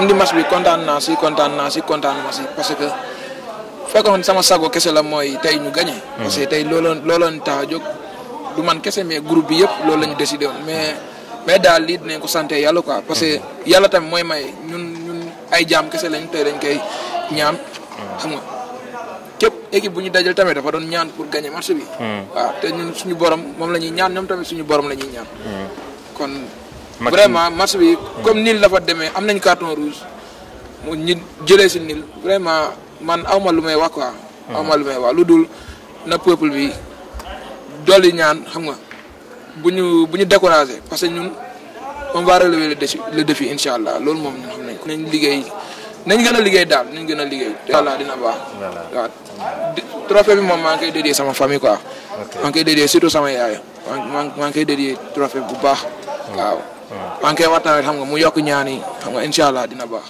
indi match bi kontaan naa si kontaan naa si kontaan ma si parce que fekkoon sama sago kese la mooy tey ñu gagné. Hmm. parce que tey looloon looloon tax a jóg du man kese mais groupe bi yëpp loolu la ñu décidé woon mais mais daal lii dinañ ko sant yàlla quoi. parce que hmm. yàlla tamit mooy may ñun ñun ay jaam kese lañ tey dañ koy ñaan. Hmm. xam nga képp équipe bu ñu dajal tamit dafa doon ñaan pour gagné match bi. waaw te ñun suñu borom moom la ñuy ñaan ñoom tamit suñu borom la ñuy ñaan. vraiment match bi comme nil dafa demee am nañ carton rouge mu ñu jëlee si nil vraiment man awma lu may wax quoi. Hmm. awma lu may wax lu dul na peuple bi dolli ñaan xam nga bu ñu bu ñu découragé parce que ñun on va relever le défi le défi incha allah loolu moom ñun xam nañ ko. nañ liggéey nañ gën a liggéey daal nañ gën a liggéey. Ah. voilà dina a waaw trophée bi moom maa ngi koy dédié sama famille quoi. maa ngi koy dédié surtout sama yaay maa ngi koy bu baax. Hmm. waaw waaw waaw kay waat naa xam nga mu yokk ñaan yi xam nga incha allah dina baax.